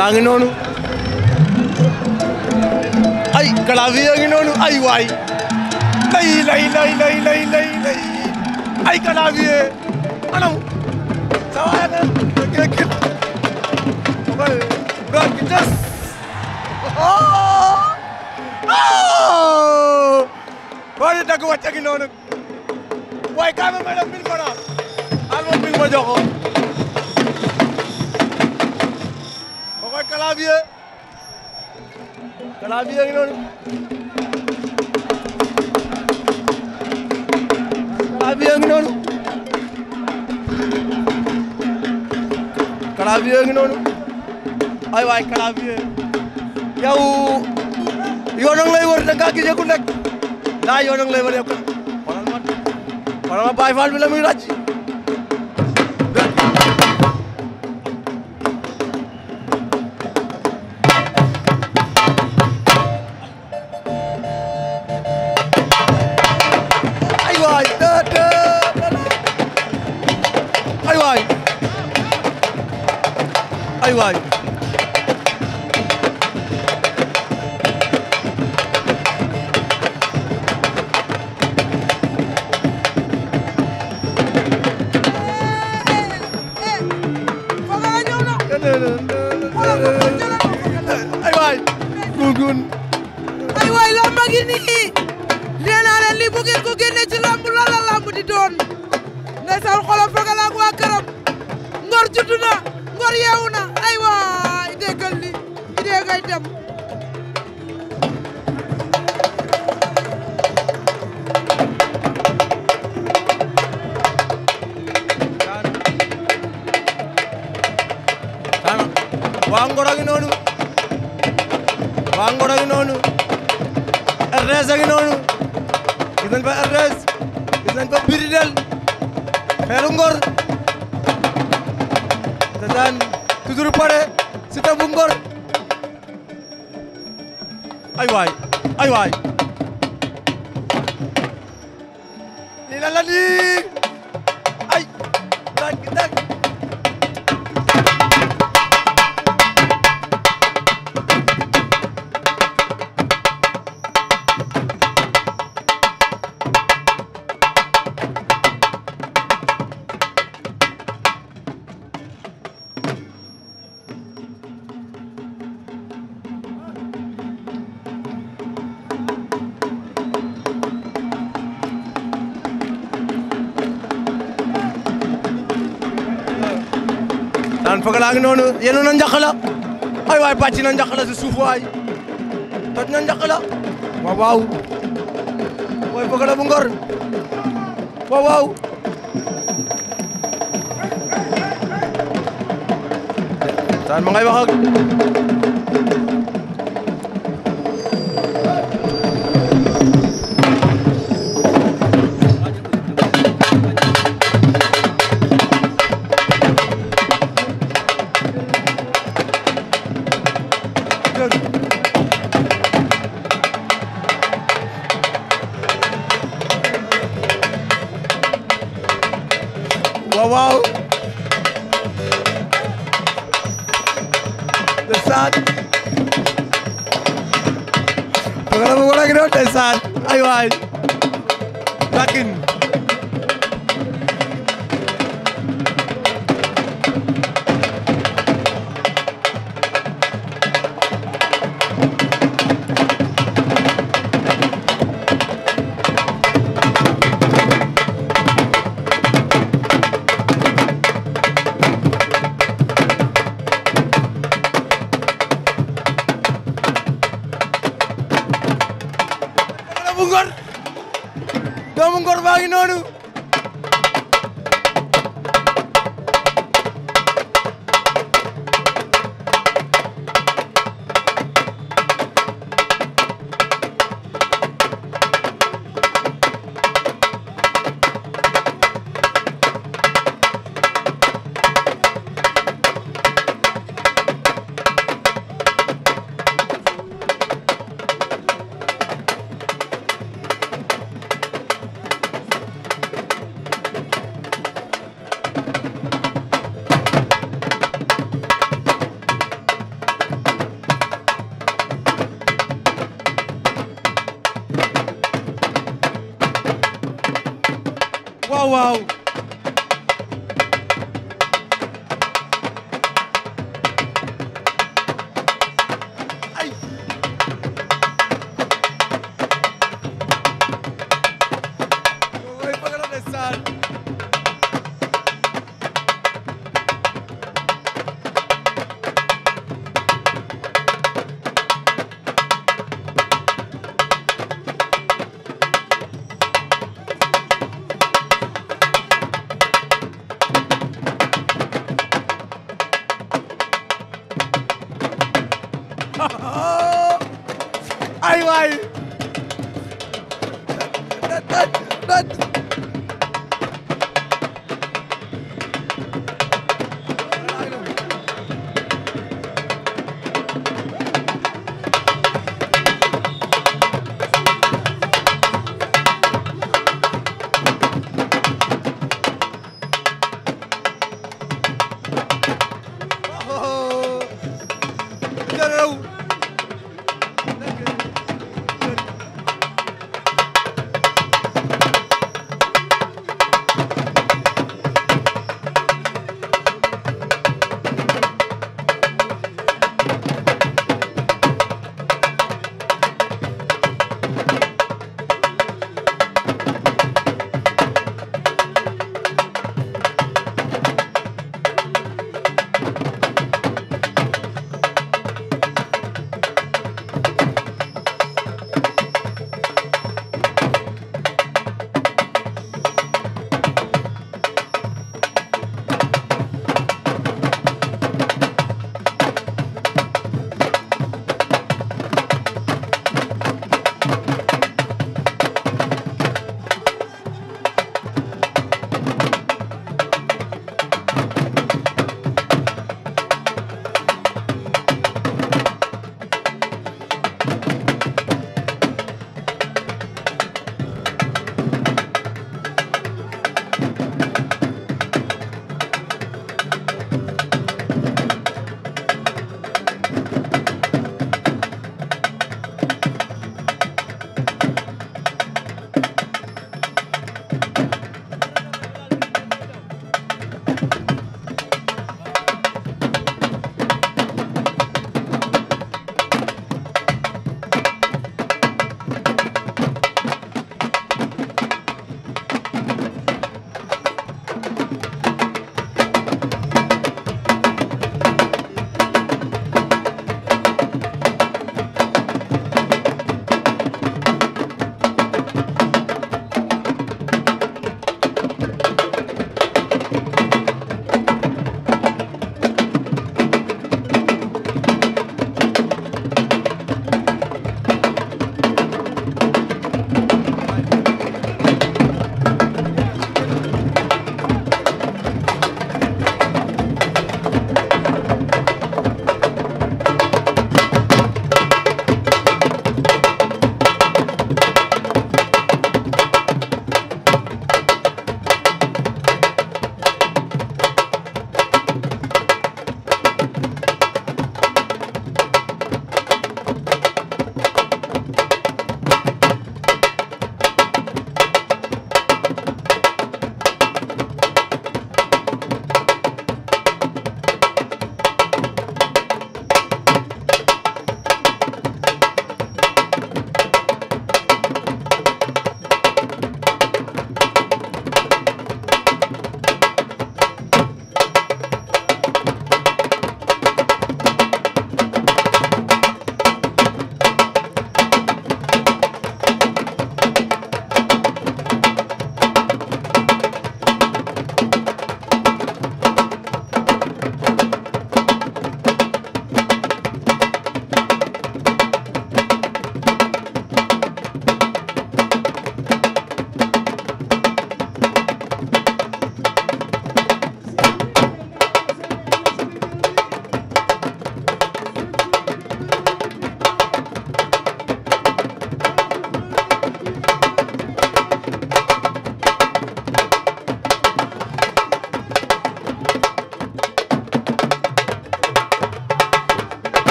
kalaa ngi noonu ay kalaa bi yaa ay waay lay lay lay lay lay ay kalaa yee anam sa waay na kee kit okoy dagg wàcce gi noonu waaye may def mille francs alma ma jox ko clavier clavier ngi noonu clavier ngi noonu clavier ngi noonu ay waay clavier yow yoo nang lay wër da nga nekk daa yoo nang lay wër yow kon ma Baay Faal bi la muy ràcc waay ay waay ay waay lamba gi nii nee naa leen li bu ngeen ko génne ci lamb la la lamb di doon ndeysaan xoolal Feugeula ak waa këram Ngor juddu na Ngor yeewu na ay waay déggal li idée ngay dem waa Ngor a ngi noonu waa Ngor a noonu RTS a noonu gis nañ fa RTS gis nañ fa Biridel xeeru ngor ndeysaan toujours pare Siteu bu ngor ay waay ay waay lii la la daan faga noonu yenu na njaq la ay waay bàcc na njaq la waay toj na njaq la waaw waaw booy bu ngor waaw waaw daan ma ngay wax ndeysaan programme bu war a ngi doon ndeysaan ay waay takin Wow, wow. ay waay réew